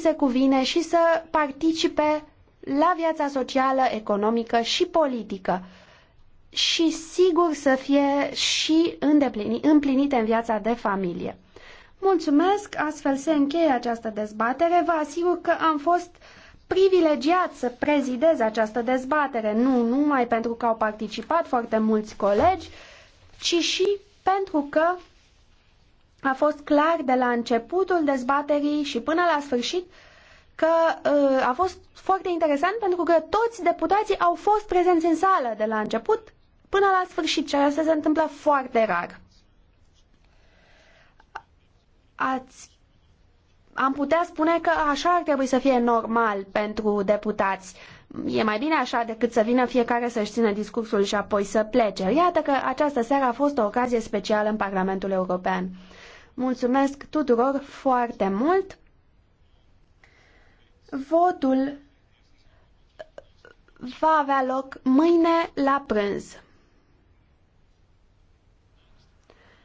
se cuvine și să participe la viața socială, economică și politică și sigur să fie și împlinite în viața de familie. Mulțumesc, astfel se încheie această dezbatere. Vă asigur că am fost privilegiat să prezidez această dezbatere, nu numai pentru că au participat foarte mulți colegi, ci și pentru că a fost clar de la începutul dezbaterii și până la sfârșit că uh, a fost foarte interesant pentru că toți deputații au fost prezenți în sală de la început până la sfârșit, ceea ce se întâmplă foarte rar. Ați, am putea spune că așa ar trebui să fie normal pentru deputați. E mai bine așa decât să vină fiecare să-și țină discursul și apoi să plece. Iată că această seară a fost o ocazie specială în Parlamentul European. Mulțumesc tuturor foarte mult. Votul va avea loc mâine la prânz.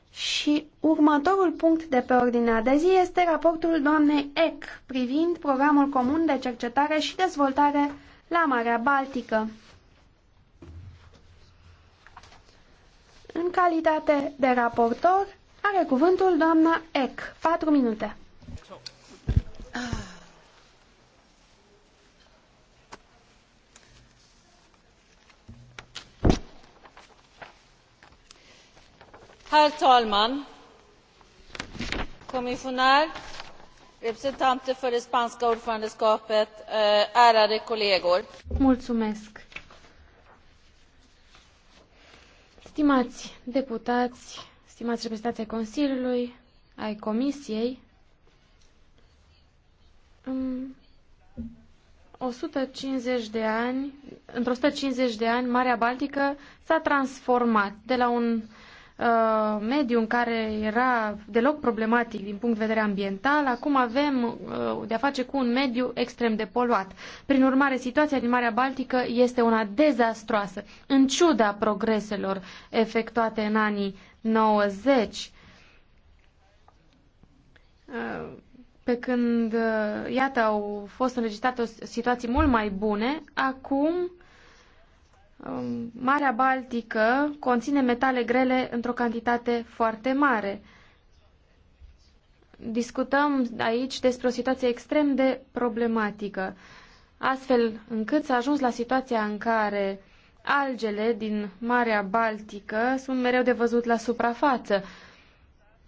Și următorul punct de pe ordinea de zi este raportul doamnei Eck privind programul comun de cercetare și dezvoltare la Marea Baltică. În calitate de raportor, are cuvântul doamna Eck. 4 minute. Herr talman! Kommissionär, representanter för det spanska ordförandeskapet, eh, ärade kollegor. Mulțumesc. Stimați deputați, stimați reprezentanți ai Consiliului, ai Comisiei, 150 de ani, într-o 150 de ani, Marea Baltică s-a transformat de la un Uh, mediu în care era deloc problematic din punct de vedere ambiental, acum avem uh, de-a face cu un mediu extrem de poluat. Prin urmare, situația din Marea Baltică este una dezastroasă, în ciuda progreselor efectuate în anii 90. Uh, pe când, uh, iată, au fost înregistrate situații mult mai bune, acum Um, Marea Baltică conține metale grele într-o cantitate foarte mare. Discutăm aici despre o situație extrem de problematică, astfel încât s-a ajuns la situația în care algele din Marea Baltică sunt mereu de văzut la suprafață.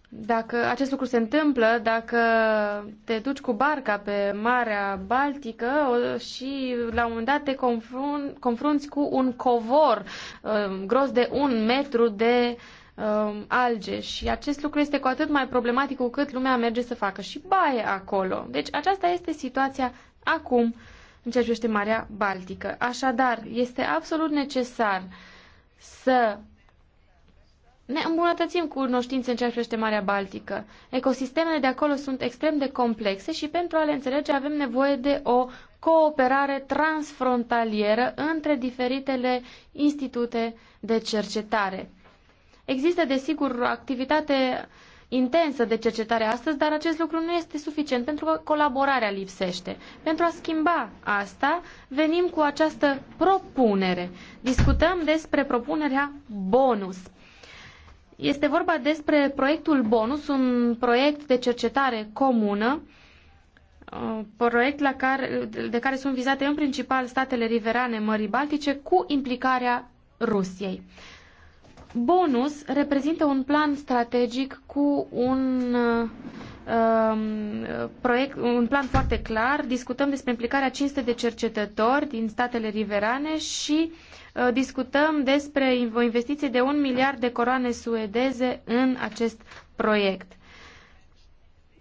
Dacă acest lucru se întâmplă, dacă te duci cu barca pe Marea Baltică și la un moment dat te confrun, confrunți cu un covor uh, gros de un metru de uh, alge și acest lucru este cu atât mai problematic cu cât lumea merge să facă și baie acolo. Deci aceasta este situația acum în ceea ce este Marea Baltică. Așadar, este absolut necesar să ne îmbunătățim cu cunoștințe în ceea ce privește Marea Baltică. Ecosistemele de acolo sunt extrem de complexe și pentru a le înțelege avem nevoie de o cooperare transfrontalieră între diferitele institute de cercetare. Există, desigur, o activitate intensă de cercetare astăzi, dar acest lucru nu este suficient pentru că colaborarea lipsește. Pentru a schimba asta, venim cu această propunere. Discutăm despre propunerea bonus este vorba despre proiectul Bonus, un proiect de cercetare comună, uh, proiect la care, de care sunt vizate în principal statele riverane Mării Baltice cu implicarea Rusiei. Bonus reprezintă un plan strategic cu un uh, um, proiect, un plan foarte clar. Discutăm despre implicarea 500 de cercetători din statele riverane și Uh, discutăm despre o investiție de un miliard de coroane suedeze în acest proiect.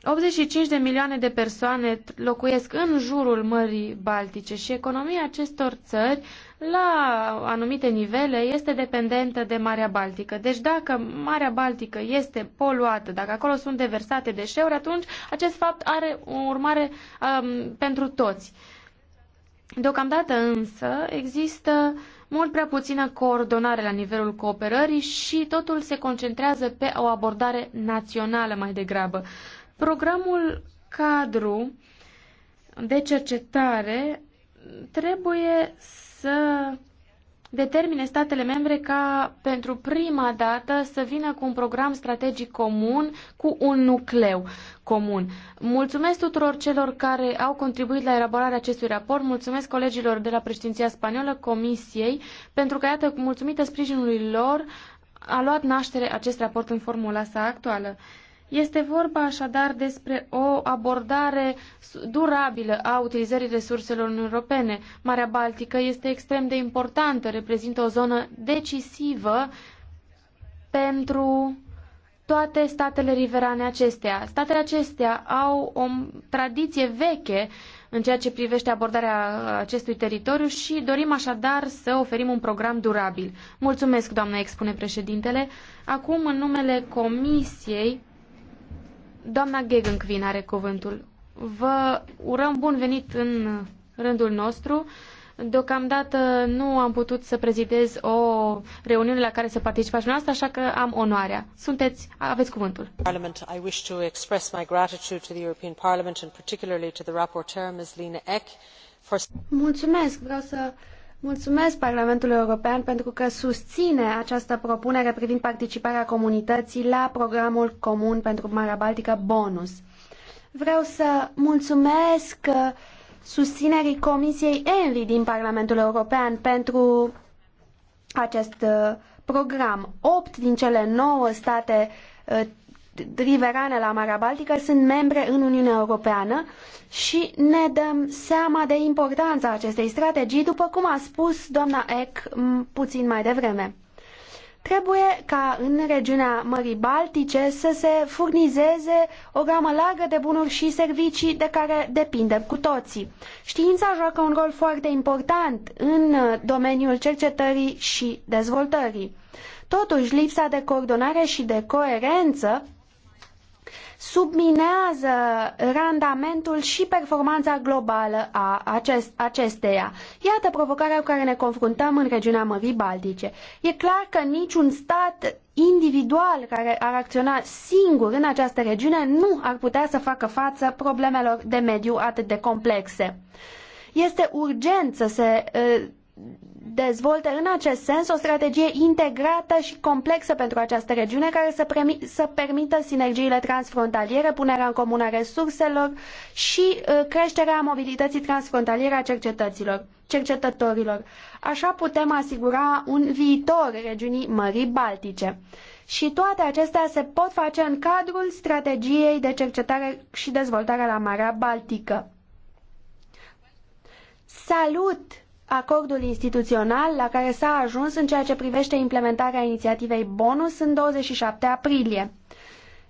85 de milioane de persoane locuiesc în jurul Mării Baltice și economia acestor țări la anumite nivele este dependentă de Marea Baltică. Deci dacă Marea Baltică este poluată, dacă acolo sunt deversate deșeuri, atunci acest fapt are o urmare um, pentru toți. Deocamdată însă există uh, mult prea puțină coordonare la nivelul cooperării și totul se concentrează pe o abordare națională mai degrabă. Programul cadru de cercetare trebuie să determine statele membre ca pentru prima dată să vină cu un program strategic comun, cu un nucleu comun. Mulțumesc tuturor celor care au contribuit la elaborarea acestui raport, mulțumesc colegilor de la președinția spaniolă, Comisiei, pentru că, iată, mulțumită sprijinului lor, a luat naștere acest raport în formula sa actuală. Este vorba așadar despre o abordare durabilă a utilizării resurselor europene. Marea Baltică este extrem de importantă, reprezintă o zonă decisivă pentru toate statele riverane acestea. Statele acestea au o tradiție veche în ceea ce privește abordarea acestui teritoriu și dorim așadar să oferim un program durabil. Mulțumesc, doamnă expune președintele. Acum, în numele Comisiei, Doamna Gegenkvin are cuvântul. Vă urăm bun venit în rândul nostru. Deocamdată nu am putut să prezidez o reuniune la care să participați dumneavoastră, așa că am onoarea. Sunteți, aveți cuvântul. Parliament, I wish to express my gratitude to the European Parliament and particularly to the rapporteur, Ms. Lina Eck, for... Mulțumesc! Vreau să Mulțumesc Parlamentului European pentru că susține această propunere privind participarea comunității la programul comun pentru Marea Baltică Bonus. Vreau să mulțumesc susținerii Comisiei Envi din Parlamentul European pentru acest uh, program. Opt din cele nouă state uh, riverane la Marea Baltică sunt membre în Uniunea Europeană și ne dăm seama de importanța acestei strategii, după cum a spus doamna Eck puțin mai devreme. Trebuie ca în regiunea Mării Baltice să se furnizeze o gamă largă de bunuri și servicii de care depindem cu toții. Știința joacă un rol foarte important în domeniul cercetării și dezvoltării. Totuși, lipsa de coordonare și de coerență subminează randamentul și performanța globală a acest, acesteia. Iată provocarea cu care ne confruntăm în regiunea Mării Baltice. E clar că niciun stat individual care ar acționa singur în această regiune nu ar putea să facă față problemelor de mediu atât de complexe. Este urgent să se dezvolte în acest sens o strategie integrată și complexă pentru această regiune care să, să permită sinergiile transfrontaliere, punerea în comun a resurselor și uh, creșterea mobilității transfrontaliere a cercetăților, cercetătorilor. Așa putem asigura un viitor regiunii Mării Baltice. Și toate acestea se pot face în cadrul strategiei de cercetare și dezvoltare la Marea Baltică. Salut! Acordul instituțional la care s-a ajuns în ceea ce privește implementarea inițiativei bonus în 27 aprilie.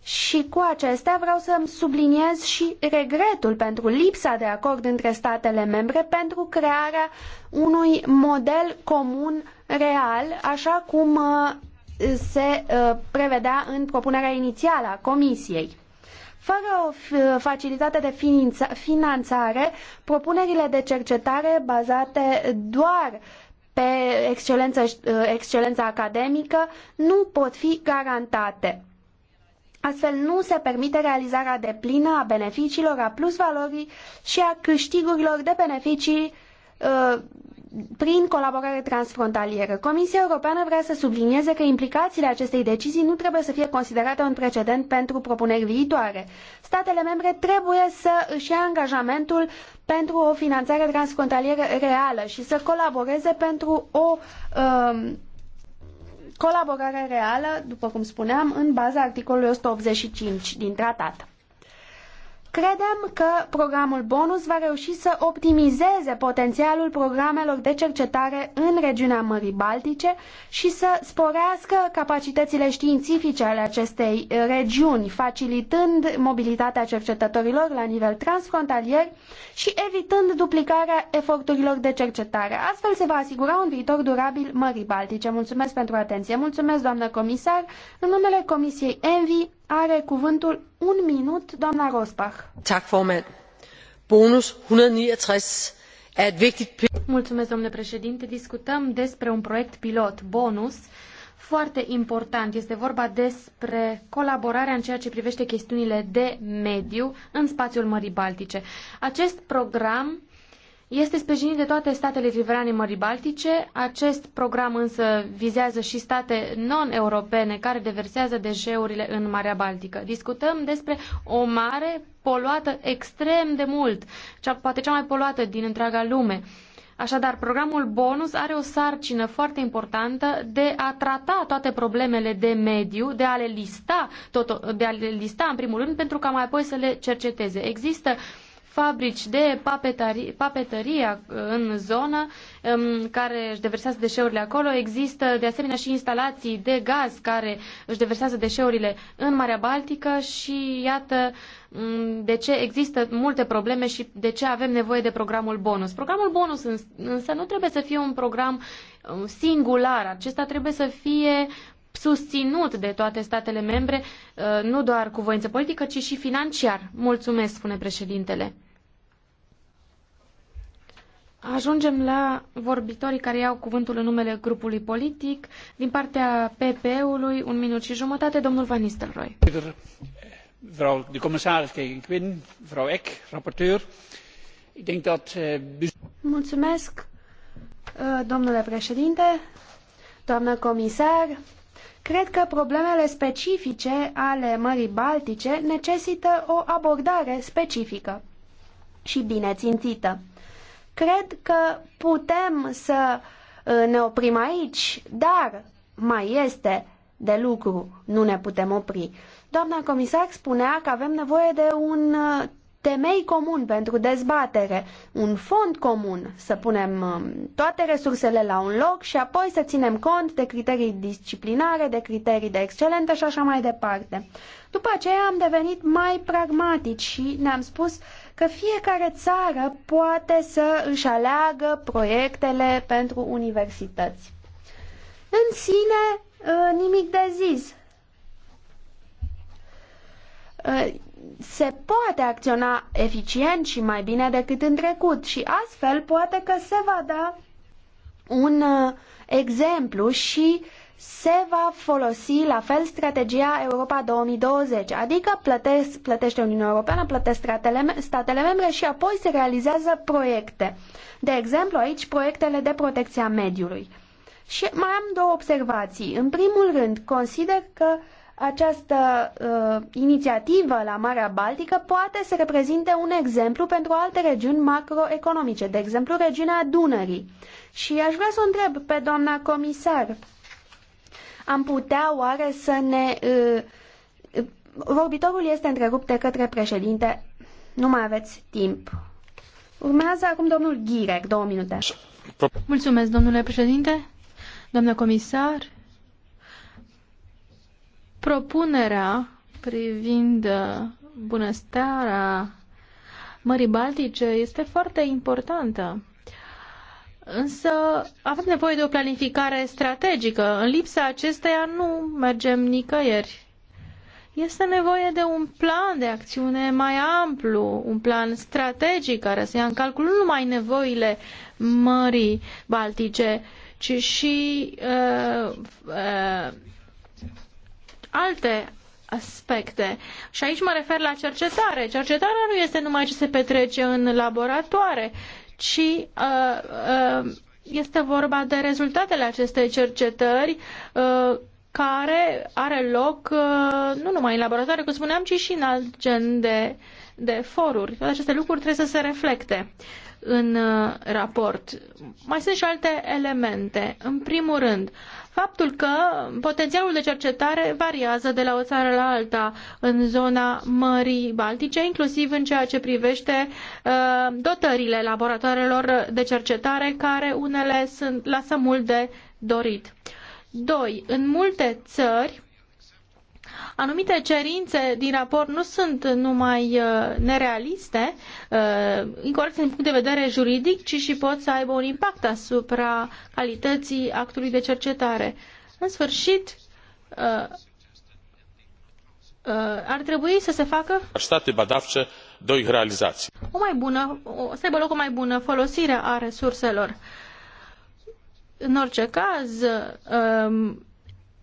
Și cu acestea vreau să subliniez și regretul pentru lipsa de acord între statele membre pentru crearea unui model comun real, așa cum uh, se uh, prevedea în propunerea inițială a Comisiei. Fără o facilitate de finanțare, propunerile de cercetare bazate doar pe excelență, uh, excelența academică nu pot fi garantate. Astfel nu se permite realizarea deplină a beneficiilor, a plusvalorii și a câștigurilor de beneficii uh, prin colaborare transfrontalieră. Comisia Europeană vrea să sublinieze că implicațiile acestei decizii nu trebuie să fie considerate un precedent pentru propuneri viitoare. Statele membre trebuie să își ia angajamentul pentru o finanțare transfrontalieră reală și să colaboreze pentru o um, colaborare reală, după cum spuneam, în baza articolului 185 din tratat. Credem că programul bonus va reuși să optimizeze potențialul programelor de cercetare în regiunea Mării Baltice și să sporească capacitățile științifice ale acestei eh, regiuni, facilitând mobilitatea cercetătorilor la nivel transfrontalier și evitând duplicarea eforturilor de cercetare. Astfel se va asigura un viitor durabil Mării Baltice. Mulțumesc pentru atenție. Mulțumesc, doamnă comisar. În numele Comisiei Envi, are cuvântul un minut, doamna Rosbach. Tak, formand. Bonus 169 er vigtigt... Mulțumesc, domnule președinte. Discutăm despre un proiect pilot, Bonus, foarte important. Este vorba despre colaborarea în ceea ce privește chestiunile de mediu în spațiul Mării Baltice. Acest program este sprijinit de toate statele riverane Mării Baltice. Acest program însă vizează și state non-europene care deversează deșeurile în Marea Baltică. Discutăm despre o mare poluată extrem de mult, cea, poate cea mai poluată din întreaga lume. Așadar, programul bonus are o sarcină foarte importantă de a trata toate problemele de mediu, de a le lista, tot, de a le lista în primul rând, pentru ca mai apoi să le cerceteze. Există uh, fabrici de papetărie, uh, în zonă um, care își deversează deșeurile acolo. Există de asemenea și instalații de gaz care își deversează deșeurile în Marea Baltică și iată um, de ce există multe probleme și de ce avem nevoie de programul bonus. Programul bonus însă nu trebuie să fie un program um, singular. Acesta trebuie să fie susținut de toate statele membre, uh, nu doar cu voință politică, ci și financiar. Mulțumesc, spune președintele. Ajungem la vorbitorii care iau cuvântul în numele grupului politic. Din partea PP-ului, un minut și jumătate, domnul Van Nistelrooy. Vreau de comisaris tegen Quinn, vreau Eck, raporteur. Eh, Mulțumesc, eh, domnule președinte, doamnă comisar. Cred că problemele specifice ale Mării Baltice necesită o abordare specifică și bine țintită. Cred că putem să uh, ne oprim aici, dar mai este de lucru, nu ne putem opri. Doamna comisar spunea că avem nevoie de un uh, temei comun pentru dezbatere, un fond comun, să punem um, toate resursele la un loc și apoi să ținem cont de criterii disciplinare, de criterii de excelentă și așa mai departe. După aceea am devenit mai pragmatici și ne-am spus că fiecare țară poate să își aleagă proiectele pentru universități. În sine, ă, nimic de zis. Ă, se poate acționa eficient și mai bine decât în trecut și astfel poate că se va da un ă, exemplu și se va folosi la fel strategia Europa 2020, adică plătesc, plătește Uniunea Europeană, plătesc statele, statele membre și apoi se realizează proiecte. De exemplu, aici proiectele de protecție a mediului. Și mai am două observații. În primul rând, consider că această uh, inițiativă la Marea Baltică poate să reprezinte un exemplu pentru alte regiuni macroeconomice, de exemplu regiunea Dunării. Și aș vrea să o întreb pe doamna comisar am putea oare să ne... Uh, vorbitorul este întrerupt de către președinte. Nu mai aveți timp. Urmează acum domnul Ghirec, două minute. Mulțumesc, domnule președinte, doamnă comisar. Propunerea privind uh, bunăstarea Mării Baltice este foarte importantă Însă avem nevoie de o planificare strategică. În lipsa acesteia nu mergem nicăieri. Este nevoie de un plan de acțiune mai amplu, un plan strategic care să ia în calcul nu numai nevoile Mării Baltice, ci și uh, uh, alte aspecte. Și aici mă refer la cercetare. Cercetarea nu este numai ce se petrece în laboratoare, ci uh, uh, este vorba de rezultatele acestei cercetări uh, care are loc nu numai în laboratoare, cum spuneam, ci și în alt gen de, de foruri. Toate aceste lucruri trebuie să se reflecte în raport. Mai sunt și alte elemente. În primul rând, faptul că potențialul de cercetare variază de la o țară la alta în zona Mării Baltice, inclusiv în ceea ce privește uh, dotările laboratoarelor de cercetare, care unele sunt lasă mult de dorit. Doi, În multe țări anumite cerințe din raport nu sunt numai uh, nerealiste, uh, incorrecte din punct de vedere juridic, ci și pot să aibă un impact asupra calității actului de cercetare. În sfârșit, uh, ar trebui să se facă state badavce doi realizații. O mai bună, o, să aibă loc o mai bună folosire a resurselor. În orice caz, um,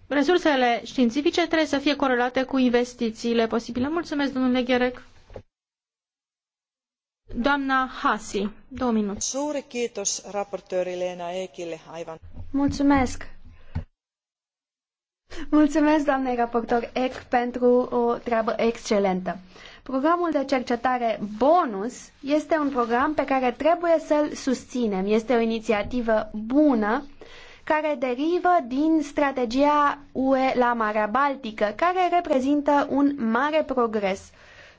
resursele științifice trebuie să fie corelate cu investițiile posibile. Mulțumesc, domnule Gherec. Doamna Hasi, două minute. Suuri kiitos raportöörile Lena Ekille aivan. Mulțumesc. Mulțumesc, doamnei raportor Eck, pentru o treabă excelentă. Programul de cercetare Bonus este un program pe care trebuie să-l susținem. Este o inițiativă bună uh, care derivă din strategia UE la Marea Baltică, care reprezintă un mare progres.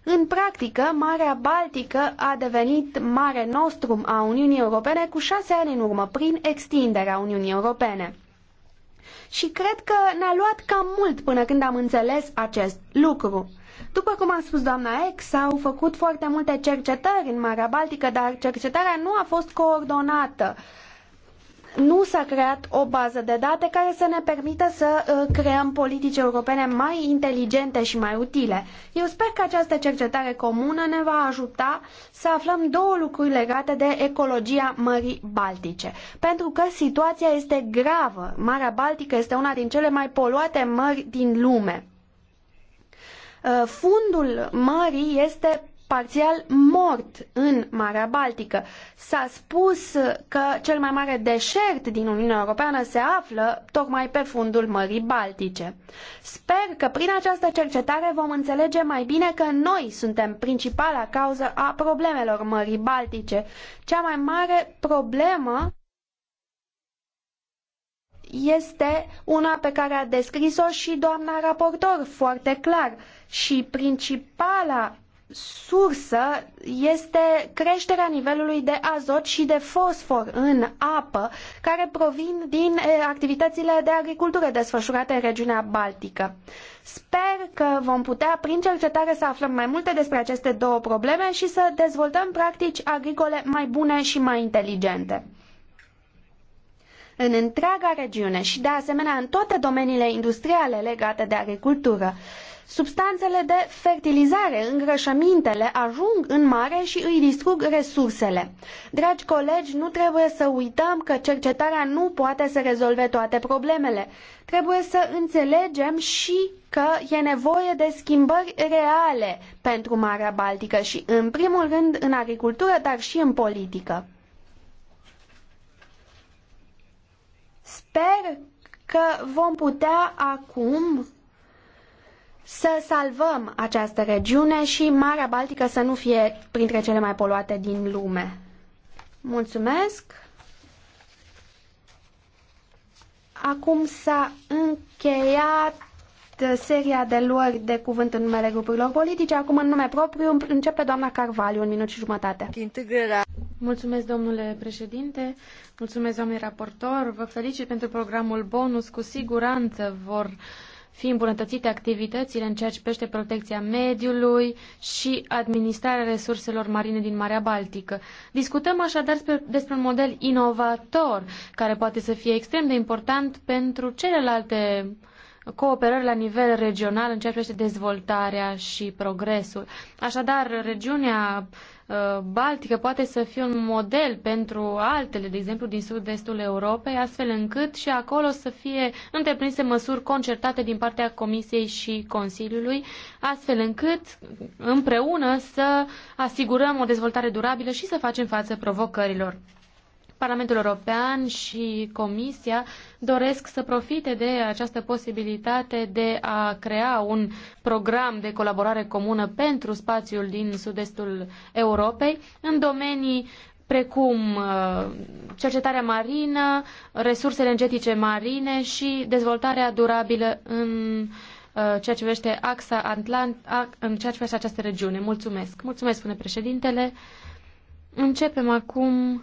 În practică, Marea Baltică a devenit Mare Nostrum a Uniunii Europene cu șase ani în urmă, prin extinderea Uniunii Europene. Și cred că ne-a luat cam mult până când am înțeles acest lucru. După cum a spus doamna Eck, s-au făcut foarte multe cercetări în Marea Baltică, dar cercetarea nu a fost coordonată. Uh, nu s-a creat o bază de date care să ne permită să uh, creăm politici europene mai inteligente și mai utile. Eu sper că această cercetare comună ne va ajuta să aflăm două lucruri legate de ecologia Mării Baltice. Pentru că situația este gravă. Marea Baltică este una din cele mai poluate mări din lume uh, fundul mării este parțial mort în Marea Baltică. S-a spus că cel mai mare deșert din Uniunea Europeană se află tocmai pe fundul Mării Baltice. Sper că prin această cercetare vom înțelege mai bine că noi suntem principala cauză a problemelor Mării Baltice. Cea mai mare problemă este una pe care a descris-o și doamna raportor foarte clar și principala sursă este creșterea nivelului de azot și de fosfor în apă, care provin din eh, activitățile de agricultură desfășurate în regiunea Baltică. Sper că vom putea, prin cercetare, să aflăm mai multe despre aceste două probleme și să dezvoltăm practici agricole mai bune și mai inteligente în întreaga regiune și, de asemenea, în toate domeniile industriale legate de agricultură. Substanțele de fertilizare, îngrășămintele, ajung în mare și îi distrug resursele. Dragi colegi, nu trebuie să uităm că cercetarea nu poate să rezolve toate problemele. Trebuie să înțelegem și că e nevoie de schimbări reale pentru Marea Baltică și, în primul rând, în agricultură, dar și în politică. Sper că vom putea acum să salvăm această regiune și Marea Baltică să nu fie printre cele mai poluate din lume. Mulțumesc! Acum s-a încheiat seria de luări de cuvânt în numele grupurilor politice. Acum, în nume propriu, începe doamna Carvaliu, un minut și jumătate. Mulțumesc, domnule președinte, mulțumesc, domnule raportor, vă felicit pentru programul bonus. Cu siguranță vor uh, fi îmbunătățite activitățile în ceea ce privește protecția mediului și administrarea resurselor marine din Marea Baltică. Discutăm așadar despre un model inovator care poate să fie extrem de important pentru celelalte uh, cooperări la nivel regional în ceea ce privește dezvoltarea și progresul. Așadar, regiunea uh, Baltică poate să fie un model pentru altele, de exemplu din sud-estul Europei, astfel încât și acolo să fie întreprinse măsuri concertate din partea Comisiei și Consiliului, astfel încât împreună să asigurăm o dezvoltare durabilă și să facem față provocărilor. Parlamentul European și Comisia doresc să profite de această posibilitate de a crea un program de colaborare comună pentru spațiul din sud-estul Europei în domenii precum uh, cercetarea marină, resurse energetice marine și dezvoltarea durabilă în uh, ceea ce vește axa Atlant, în ceea ce privește această regiune. Mulțumesc. Mulțumesc, spune președintele. Începem acum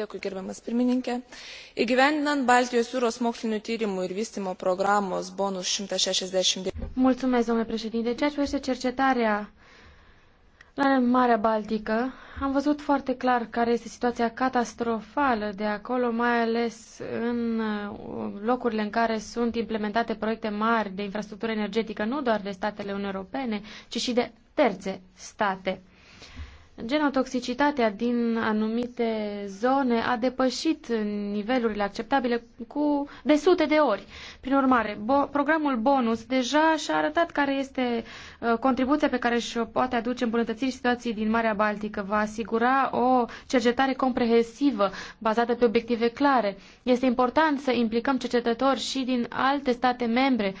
įgyvendinant baltijos jūros mokslinių tyrimų ir vystymo programos bonus šimtas šešiasdešimt devyni ceea ce privește cercetarea la Marea Baltică, am văzut foarte clar care este situația catastrofală de acolo, mai ales în uh, locurile în care sunt implementate proiecte mari de infrastructură energetică, nu doar de statele Uniunii Europene, ci și de terțe state genotoxicitatea din anumite zone a depășit nivelurile acceptabile cu de sute de ori. Prin urmare, bo- programul bonus deja și-a arătat care este uh, contribuția pe care și-o poate aduce îmbunătățirii situației din Marea Baltică. Va asigura o cercetare comprehensivă bazată pe obiective clare. Este important să implicăm cercetători și din alte state membre uh,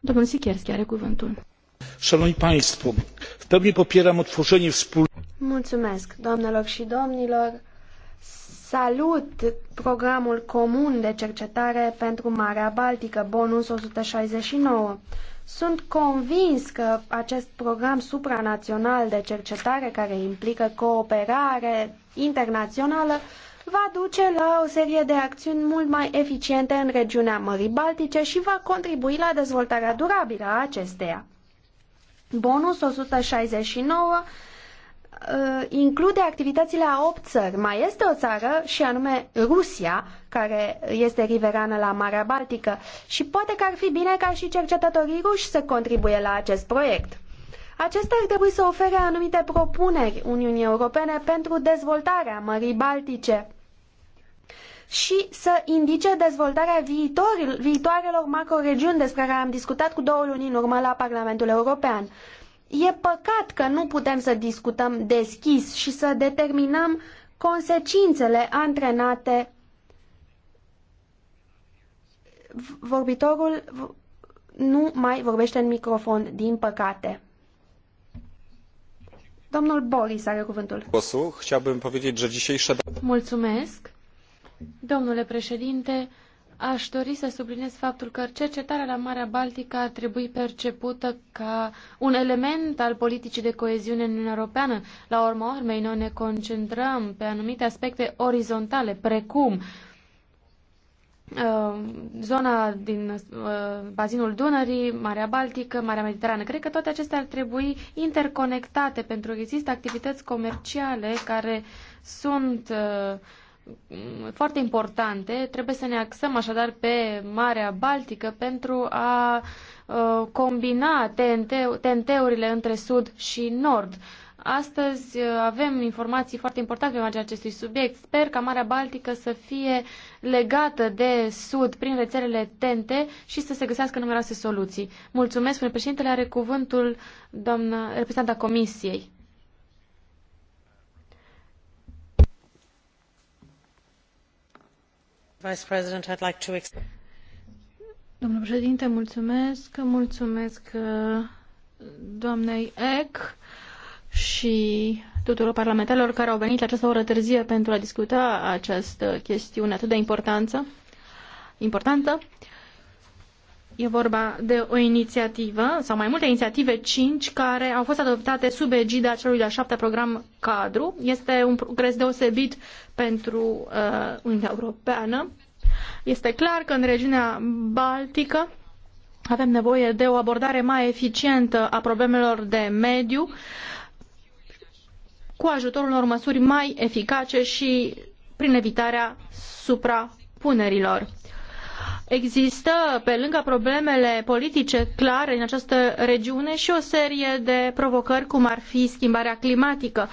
Domnul Sikierski are cuvântul. Szanowni Państwo, w pełni popieram otworzenie wspólnego. Mulțumesc, doamnelor și domnilor. Salut programul comun de cercetare pentru Marea Baltică, bonus 169. Sunt convins că acest program supranațional de cercetare care implică cooperare internațională va duce la o serie de acțiuni mult mai eficiente în regiunea Mării Baltice și va contribui la dezvoltarea durabilă a acesteia. Bonus 169 uh, include activitățile a opt țări. Mai este o țară și anume Rusia, care este riverană la Marea Baltică și poate că ar fi bine ca și cercetătorii ruși să contribuie la acest proiect. Acesta ar trebui să ofere anumite propuneri Uniunii Europene pentru dezvoltarea Mării Baltice și să indice dezvoltarea viitoarelor macroregiuni despre care am discutat cu două luni în urmă la Parlamentul European. E păcat că nu putem să discutăm deschis și să determinăm consecințele antrenate vorbitorul nu mai vorbește în microfon, din păcate. Domnul Boris are cuvântul. Mulțumesc. Domnule președinte, aș dori să subliniez faptul că cercetarea la Marea Baltică ar trebui percepută ca un element al politicii de coeziune în Uniunea Europeană. La urma urmei, noi ne concentrăm pe anumite aspecte orizontale, precum uh, zona din uh, bazinul Dunării, Marea Baltică, Marea Mediterană. Cred că toate acestea ar trebui interconectate pentru că există activități comerciale care sunt uh, Mm, foarte importante. Trebuie să ne axăm așadar pe Marea Baltică pentru a uh, combina TNT-urile între sud și nord. Astăzi uh, avem informații foarte importante pe marginea acestui subiect. Sper ca Marea Baltică să fie legată de Sud prin rețelele TNT și să se găsească numeroase soluții. Mulțumesc, spune președintele, are cuvântul doamna reprezentanta Comisiei. mulțumesc, mulțumesc uh, doamnei Eck și tuturor parlamentarilor care au venit la această oră târzie pentru a discuta această chestiune atât de importantă. importantă. E vorba de o inițiativă, sau mai multe inițiative, cinci, care au fost adoptate sub egida celui de-al șaptea program cadru. Este un progres deosebit pentru uh, Uniunea Europeană. Este clar că în regiunea Baltică avem nevoie de o abordare mai eficientă a problemelor de mediu cu ajutorul unor măsuri mai eficace și prin evitarea suprapunerilor. Există, pe lângă problemele politice clare în această regiune, și o serie de provocări, cum ar fi schimbarea climatică.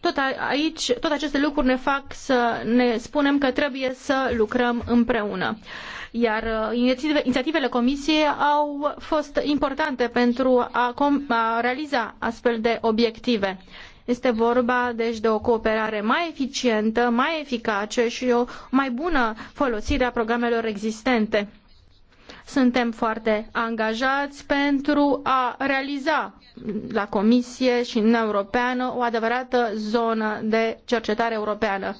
Tot aici, tot aceste lucruri ne fac să ne spunem că trebuie să lucrăm împreună. Iar uh, inițiativele Comisiei au fost importante pentru a, realiza astfel de obiective. Este vorba, deci, de o cooperare mai eficientă, mai eficace și o mai bună folosire a programelor existente. Suntem foarte angajați pentru a realiza la Comisie și în Europeană o adevărată zonă de cercetare europeană.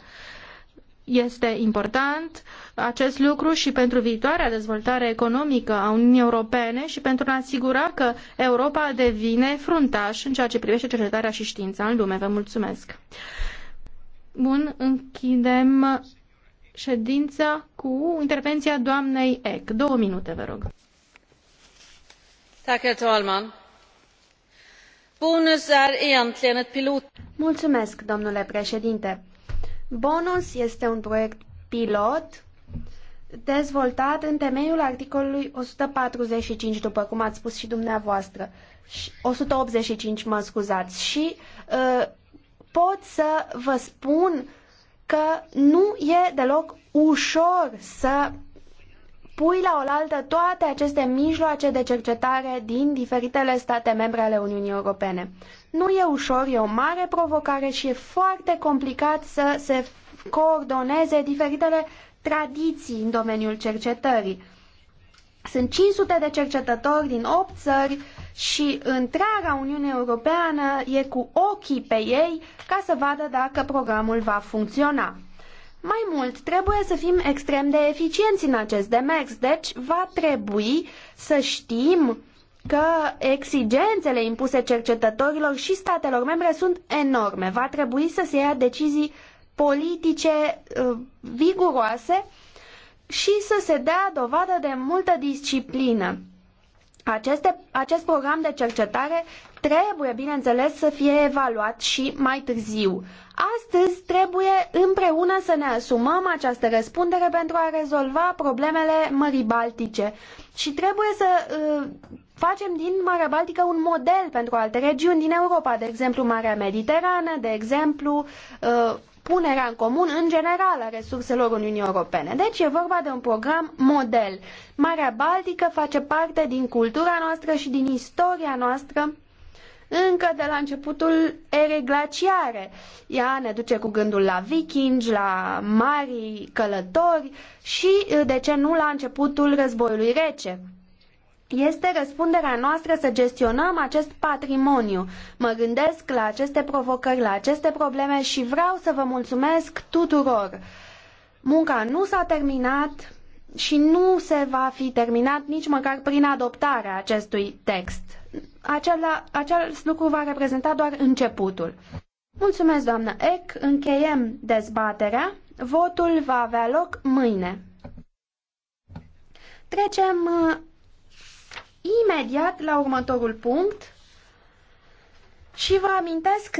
Este important acest lucru și pentru viitoarea dezvoltare economică a Uniunii Europene și pentru a asigura că Europa devine fruntaș în ceea ce privește cercetarea și știința în lume. Vă mulțumesc! Bun, închidem ședința cu intervenția doamnei Eck. Două minute, vă rog. Tack, herr talman. Bonus är egentligen ett pilot... Mulțumesc, domnule președinte. Bonus este un proiect pilot dezvoltat în temeiul articolului 145, după cum ați spus și dumneavoastră, 185, mă scuzați, și uh, pot să vă spun că nu e deloc ușor să pui la oaltă toate aceste mijloace de cercetare din diferitele state membre ale Uniunii Europene. Nu e ușor, e o mare provocare și e foarte complicat să se coordoneze diferitele tradiții în domeniul cercetării. Sunt 500 de cercetători din 8 țări și întreaga Uniune Europeană e cu ochii pe ei ca să vadă dacă programul va funcționa. Mai mult, trebuie să fim extrem de eficienți în acest demers, deci va trebui să știm că exigențele impuse cercetătorilor și statelor membre sunt enorme. Va trebui să se ia decizii politice uh, viguroase și să se dea dovadă de multă disciplină. Aceste, acest program de cercetare trebuie, bineînțeles, să fie evaluat și mai târziu. Astăzi trebuie împreună să ne asumăm această răspundere pentru a rezolva problemele Mării Baltice și trebuie să uh, facem din Marea Baltică un model pentru alte regiuni din Europa, de exemplu Marea Mediterană, de exemplu uh, punerea în comun în general a resurselor Uniunii Europene. Deci e vorba de un program model. Marea Baltică face parte din cultura noastră și din istoria noastră încă de la începutul erei glaciare. Ea ne duce cu gândul la vikingi, la mari călători și, de ce nu, la începutul războiului rece. Este răspunderea noastră să gestionăm acest patrimoniu. Mă gândesc la aceste provocări, la aceste probleme și vreau să vă mulțumesc tuturor. Munca nu s-a terminat și nu se va fi terminat nici măcar prin adoptarea acestui text. Acela, acest lucru va reprezenta doar începutul. Mulțumesc, doamnă Eck. Încheiem dezbaterea. Votul va avea loc mâine. Trecem uh, imediat la următorul punct și vă amintesc